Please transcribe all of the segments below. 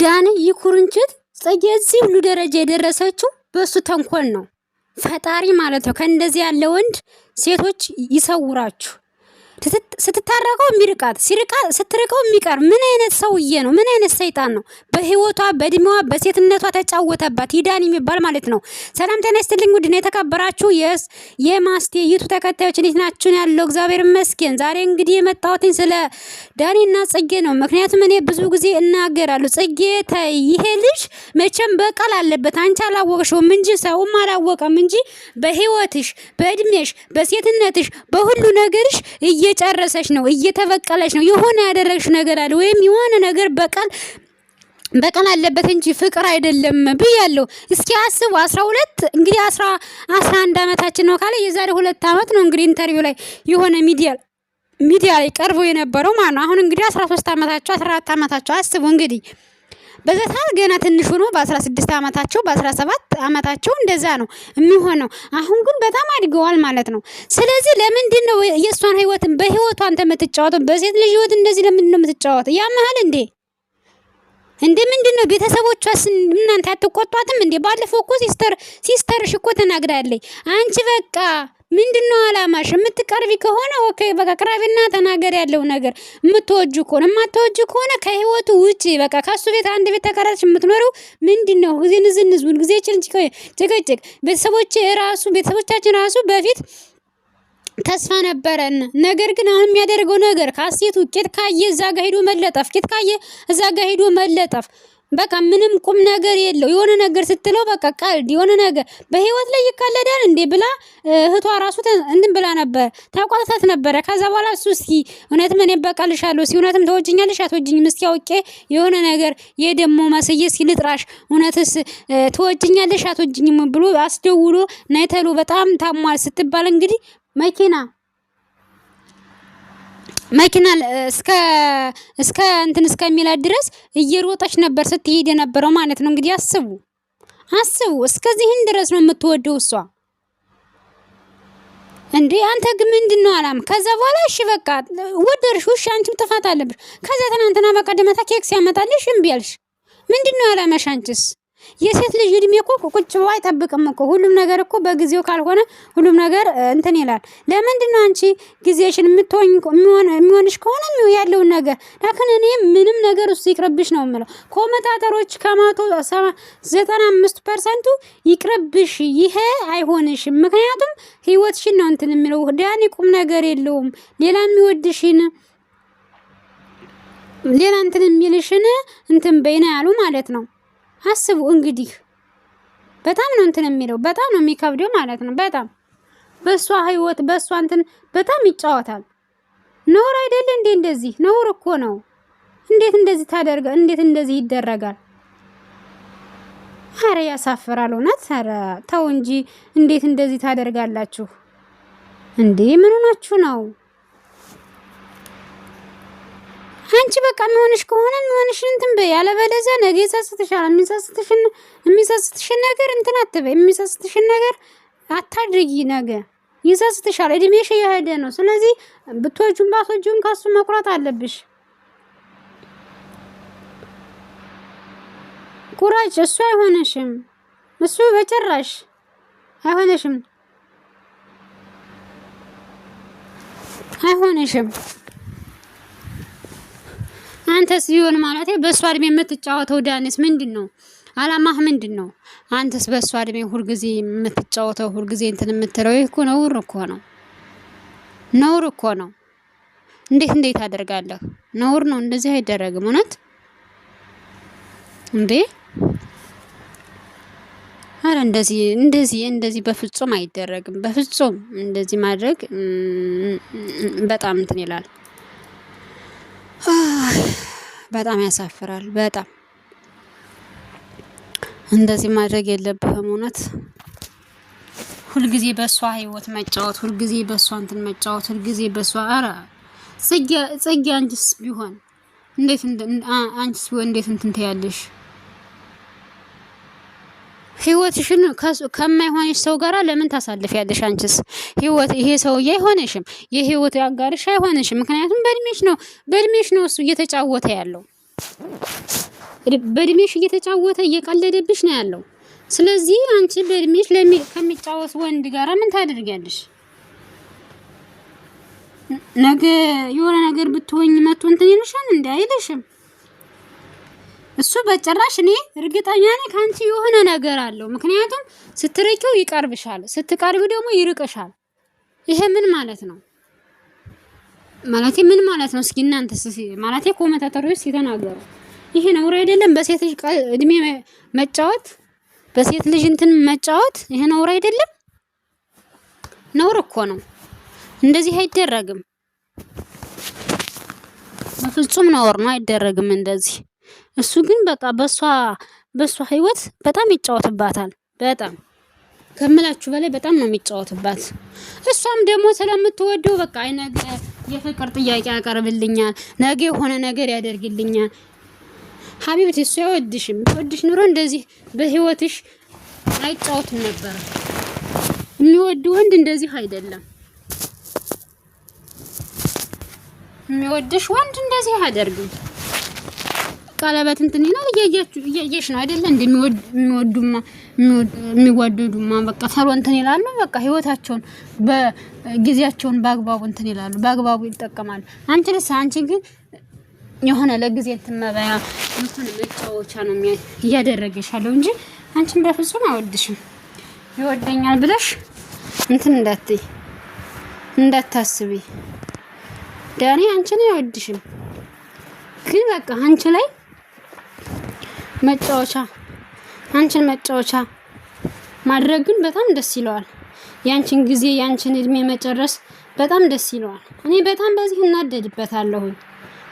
ዳን ይኩርንችት ጽጌ እዚህ ሁሉ ደረጃ የደረሰችው በእሱ ተንኮል ነው። ፈጣሪ ማለት ነው ከእንደዚህ ያለ ወንድ ሴቶች ይሰውራችሁ። ስትታረቀው የሚርቃት ስትርቀው የሚቀር ምን አይነት ሰውዬ ነው? ምን አይነት ሰይጣን ነው? በህይወቷ በእድሜዋ በሴትነቷ ተጫወተባት። ይዳን የሚባል ማለት ነው። ሰላም ጤና ይስጥልኝ። ውድና የተከበራችሁ የማስቴ ዩቱብ ተከታዮች እንዴት ናችሁን? ያለው እግዚአብሔር ይመስገን። ዛሬ እንግዲህ የመጣሁትኝ ስለ ዳኔና ጽጌ ነው። ምክንያቱም እኔ ብዙ ጊዜ እናገራለሁ። ጽጌ ተይ፣ ይሄ ልጅ መቼም በቀል አለበት። አንቺ አላወቅሽውም እንጂ ሰውም አላወቀም እንጂ በህይወትሽ፣ በእድሜሽ፣ በሴትነትሽ፣ በሁሉ ነገርሽ እየ እየጨረሰች ነው፣ እየተበቀለች ነው። የሆነ ያደረግሽ ነገር አለ ወይም የሆነ ነገር በቀል በቀን አለበት እንጂ ፍቅር አይደለም ብያለሁ። እስኪ አስቡ አስራ ሁለት እንግዲህ አስራ አስራ አንድ አመታችን ነው ካለ የዛሬ ሁለት አመት ነው እንግዲህ ኢንተርቪው ላይ የሆነ ሚዲያ ሚዲያ ላይ ቀርቦ የነበረው ማለት ነው። አሁን እንግዲህ አስራ ሶስት አመታቸው አስራ አራት አመታቸው አስቡ እንግዲህ በዛ ሰዓት ገና ትንሽ ሆኖ በ16 ዓመታቸው በ17 ዓመታቸው እንደዛ ነው የሚሆነው። አሁን ግን በጣም አድገዋል ማለት ነው። ስለዚህ ለምንድን ነው የእሷን ህይወትን በህይወቷ አንተ የምትጫወተው? በሴት ልጅ ህይወት እንደዚህ ለምንድን ነው የምትጫወተው? መሃል እንዴ እንደ ምንድን ነው ቤተሰቦቿስ? እናንተ አትቆጧትም እንዴ? ባለፈው እኮ ሲስተር ሲስተርሽ እኮ ተናግራለች። አንቺ በቃ ምንድን ነው አላማሽ? የምትቀርቢ ከሆነ ኦኬ በቃ ቅረቢና ተናገር ያለው ነገር። የምትወጁ ከሆነ የማትወጁ ከሆነ ከህይወቱ ውጭ በቃ ከሱ ቤት አንድ ቤት ተከራች የምትኖረው ምንድን ነው? ጊዜ ንዝንዝቡን ጊዜ ጭቅጭቅ ቤተሰቦች ራሱ ቤተሰቦቻችን ራሱ በፊት ተስፋ ነበረን። ነገር ግን አሁን የሚያደርገው ነገር ከሴቱ ቄት ካየ እዛ ጋ ሄዶ መለጠፍ፣ ቄት ካየ እዛ ጋ ሄዶ መለጠፍ በቃ ምንም ቁም ነገር የለው። የሆነ ነገር ስትለው በቃ ቀልድ የሆነ ነገር በህይወት ላይ ይካለዳል እንዴ ብላ እህቷ ራሱ እንትን ብላ ነበር ታቋጥታት ነበረ። ከዛ በኋላ እሱ እስኪ እውነትም እኔ በቃልሻለሁ እስኪ እውነትም ተወጅኛለሽ አትወጅኝም እስኪ አውቄ የሆነ ነገር የደሞ ማሰየ እስኪ ልጥራሽ እውነትስ ተወጅኛለሽ አትወጅኝም ብሎ አስደውሎ ናይተሉ በጣም ታሟል ስትባል እንግዲህ መኪና መኪና እስከ እስከ እንትን እስከሚላት ድረስ እየሮጠች ነበር ስትሄድ የነበረው ማለት ነው። እንግዲህ አስቡ አስቡ፣ እስከዚህን ድረስ ነው የምትወደው እሷ። እንዴ አንተ ግን ምንድን ነው አላም። ከዛ በኋላ እሺ በቃ ወደርሽ፣ ውሽ አንቺም ጥፋት አለብሽ። ከዛ ትናንትና በቀደመታ ኬክ ሲያመጣልሽ እምቢ አልሽ። ምንድን ነው አላማሽ አንቺስ? የሴት ልጅ እድሜ እኮ ቁጭ ብሎ አይጠብቅም እኮ። ሁሉም ነገር እኮ በጊዜው ካልሆነ ሁሉም ነገር እንትን ይላል። ለምንድን ነው አንቺ ጊዜሽን የምትሆኝ? የሚሆንሽ ከሆነ ያለውን ነገር ላክን። እኔ ምንም ነገር ውስጥ ይቅርብሽ ነው የምለው። ኮመታተሮች ከመቶ ዘጠና አምስት ፐርሰንቱ ይቅርብሽ፣ ይሄ አይሆንሽም። ምክንያቱም ህይወትሽን ነው እንትን የሚለው ዳኒ ቁም ነገር የለውም። ሌላ የሚወድሽን ሌላ እንትን የሚልሽን እንትን በይና ያሉ ማለት ነው። አስቡ እንግዲህ በጣም ነው እንትን የሚለው በጣም ነው የሚከብደው ማለት ነው። በጣም በእሷ ህይወት በእሷ እንትን በጣም ይጫወታል። ነውር አይደለ እንዴ? እንደዚህ ነውር እኮ ነው። እንዴት እንደዚህ ታደርገ? እንዴት እንደዚህ ይደረጋል? አረ ያሳፍራል። እውነት ኧረ ተው እንጂ እንዴት እንደዚህ ታደርጋላችሁ እንዴ? ምን ሆናችሁ ነው? አንቺ በቃ የሚሆንሽ ከሆነ የሚሆንሽን እንትን በይ፣ ያለበለዚያ ነገ ይጸጽትሻል። የሚጸጽትሽን ነገር እንትን አትበይ፣ የሚጸጽትሽን ነገር አታድርጊ። ነገ ይጸጽትሻል፣ እድሜሽ እየሄደ ነው። ስለዚህ ብትወጁም ባትወጁም ከሱ መቁረጥ አለብሽ። ቁራጭ። እሱ አይሆነሽም፣ እሱ በጭራሽ አይሆነሽም፣ አይሆነሽም። አንተ ሲሆን ማለት በእሷ እድሜ የምትጫወተው ዳንስ ምንድን ነው? አላማህ ምንድን ነው? አንተስ በእሷ እድሜ ሁልጊዜ የምትጫወተው ሁልጊዜ እንትን የምትለው ይህ እኮ ነውር እኮ ነው። ነውር እኮ ነው። እንዴት እንዴት አደርጋለሁ? ነውር ነው። እንደዚህ አይደረግም። እውነት እንዴ! አረ እንደዚህ እንደዚህ እንደዚህ በፍጹም አይደረግም። በፍጹም እንደዚህ ማድረግ በጣም እንትን ይላል። በጣም ያሳፍራል። በጣም እንደዚህ ማድረግ የለብህም እውነት። ሁልጊዜ በእሷ ህይወት መጫወት፣ ሁልጊዜ በእሷ እንትን መጫወት፣ ሁልጊዜ በእሷ ኧረ ጽጌ፣ አንቺስ ቢሆን እንዴት አንቺስ ቢሆን እንዴት እንትን ትያለሽ? ህይወትሽን ከማይሆንሽ ሰው ጋር ለምን ታሳልፊያለሽ? አንቺስ ህይወት ይሄ ሰውዬ አይሆንሽም፣ የህይወት አጋርሽ አይሆንሽም። ምክንያቱም በእድሜሽ ነው በእድሜሽ ነው እሱ እየተጫወተ ያለው በእድሜሽ እየተጫወተ እየቀለደብሽ ነው ያለው። ስለዚህ አንቺ በእድሜሽ ከሚጫወት ወንድ ጋር ምን ታደርጊያለሽ? ነገ የሆነ ነገር ብትወኝ መቶ እንትን ይልሻል እንዲ አይልሽም። እሱ በጭራሽ እኔ እርግጠኛ ነኝ ከአንቺ የሆነ ነገር አለው። ምክንያቱም ስትርቂው ይቀርብሻል፣ ስትቀርቢው ደግሞ ይርቅሻል። ይሄ ምን ማለት ነው? ማለቴ ምን ማለት ነው? እስኪ እናንተ ማለቴ ኮመንታተሮች ሲተናገሩ ይሄ ነውር አይደለም? በሴት ልጅ እድሜ መጫወት፣ በሴት ልጅ እንትን መጫወት ይሄ ነውር አይደለም? ነውር እኮ ነው። እንደዚህ አይደረግም። በፍጹም ነውር ነው። አይደረግም እንደዚህ እሱ ግን በቃ በሷ በሷ ህይወት በጣም ይጫወትባታል። በጣም ከምላችሁ በላይ በጣም ነው የሚጫወትባት። እሷም ደግሞ ስለምትወደው በቃ ነገ የፍቅር ጥያቄ ያቀርብልኛል፣ ነገ የሆነ ነገር ያደርግልኛል። ሀቢብት እሱ አይወድሽም። ወድሽ ኑሮ እንደዚህ በህይወትሽ አይጫወትም ነበር። የሚወድ ወንድ እንደዚህ አይደለም። የሚወድሽ ወንድ እንደዚህ አያደርግም። ቀለበት እንትን ይላል እያየሽ ነው አይደለ? እንደ የሚወዱማ የሚዋደዱማ በቃ ሰሩ እንትን ይላሉ። በቃ ህይወታቸውን በጊዜያቸውን በአግባቡ እንትን ይላሉ፣ በአግባቡ ይጠቀማሉ። አንቺ ልስ አንቺ ግን የሆነ ለጊዜ እንትን መበያ እንትን መጫወቻ ነው እያደረገሽ ያለው እንጂ አንቺን በፍጹም አይወድሽም። ይወደኛል ብለሽ እንትን እንዳትይ እንዳታስቢ። ዳኒ አንቺን አይወድሽም ግን በቃ አንቺ ላይ መጫወቻ አንቺን መጫወቻ ማድረግ ግን በጣም ደስ ይለዋል። ያንቺን ጊዜ ያንቺን እድሜ መጨረስ በጣም ደስ ይለዋል። እኔ በጣም በዚህ እናደድበታለሁኝ።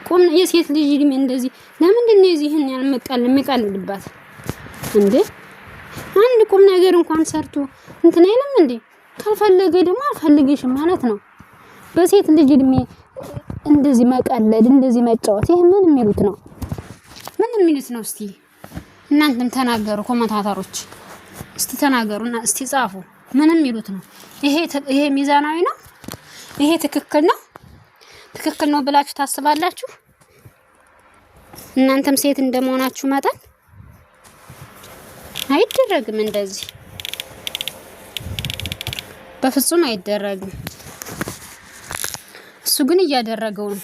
ቁም የሴት ልጅ እድሜ እንደዚህ ለምንድን ነው የዚህን ያልመቀል የሚቀልድበት እንዴ? አንድ ቁም ነገር እንኳን ሰርቶ እንትን አይልም እንዴ? ካልፈለገ ደግሞ አልፈልግሽም ማለት ነው። በሴት ልጅ እድሜ እንደዚህ መቀለድ፣ እንደዚህ መጫወት ይህ ምን የሚሉት ነው? ምን የሚሉት ነው እስቲ እናንተም ተናገሩ። ኮመንታተሮች እስቲ ተናገሩ እና እስቲ ጻፉ። ምንም ይሉት ነው ይሄ ይሄ ሚዛናዊ ነው፣ ይሄ ትክክል ነው፣ ትክክል ነው ብላችሁ ታስባላችሁ? እናንተም ሴት እንደመሆናችሁ መጠን አይደረግም እንደዚህ በፍጹም አይደረግም። እሱ ግን እያደረገው ነው።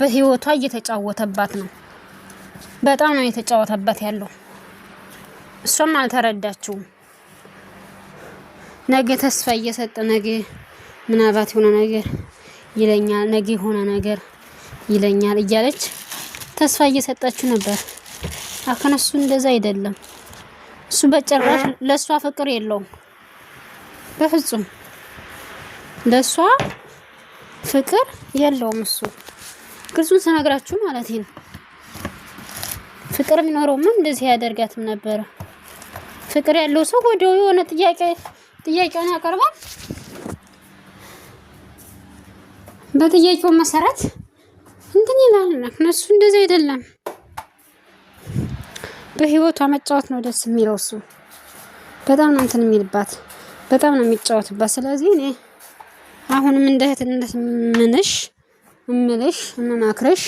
በህይወቷ እየተጫወተባት ነው። በጣም ነው የተጫወተበት ያለው። እሷም አልተረዳችውም። ነገ ተስፋ እየሰጠ ነገ ምናባት የሆነ ነገር ይለኛል፣ ነገ የሆነ ነገር ይለኛል እያለች ተስፋ እየሰጠችው ነበር። አሁን እሱ እንደዛ አይደለም። እሱ በጭራሽ ለእሷ ፍቅር የለውም በፍጹም ለእሷ ፍቅር የለውም። እሱ ግልጹን ስነግራችሁ ማለት ነው። ፍቅር ቢኖረውማ እንደዚህ ያደርጋትም ነበረ። ፍቅር ያለው ሰው ወደ የሆነ ጥያቄ ጥያቄውን ያቀርባል። በጥያቄው መሰረት እንትን ይላል። እነሱ እንደዚህ አይደለም። በህይወቷ መጫወት ነው ደስ የሚለው እሱ በጣም ነው እንትን የሚልባት በጣም ነው የሚጫወትባት። ስለዚህ እኔ አሁንም እንደ እህትነት ምንሽ እምልሽ እምመክርሽ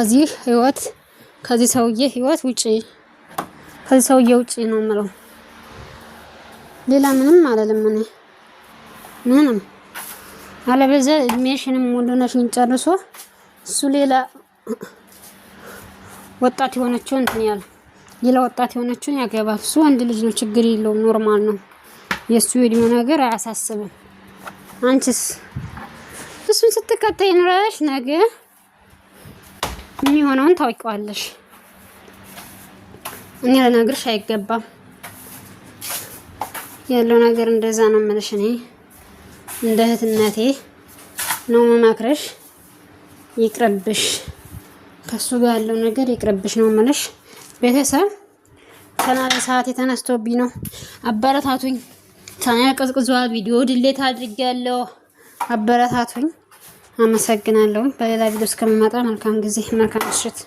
ከዚህ ህይወት ከዚህ ሰውዬ ህይወት ውጪ ከዚህ ሰውዬ ውጪ ነው የምለው። ሌላ ምንም አላለም እኔ ምንም። አለበለዚያ እድሜሽንም ወንዶነሽን ጨርሶ እሱ ሌላ ወጣት የሆነችው እንትን ያለ ሌላ ወጣት የሆነችውን ያገባል። እሱ ወንድ ልጅ ነው፣ ችግር የለውም፣ ኖርማል ነው። የእሱ የእድሜ ነገር አያሳስብም። አንቺስ እሱን ስትከተይ ኑረሽ ነገ የሚሆነውን ታውቂዋለሽ። እኔ ልነግርሽ አይገባም። ያለው ነገር እንደዛ ነው የምልሽ። እኔ እንደ እህትነቴ ነው መማክረሽ። ይቅርብሽ፣ ከሱ ጋር ያለው ነገር ይቅርብሽ ነው የምልሽ። ቤተሰብ ተናለ ሰዓት የተነስቶብኝ ነው። አበረታቱኝ። ታና ቀዝቅዟ ቪዲዮ ድሌት አድርጌያለሁ። አበረታቱኝ። አመሰግናለሁ። በሌላ ቪዲዮ እስከምመጣ መልካም ጊዜ፣ መልካም ምሽት።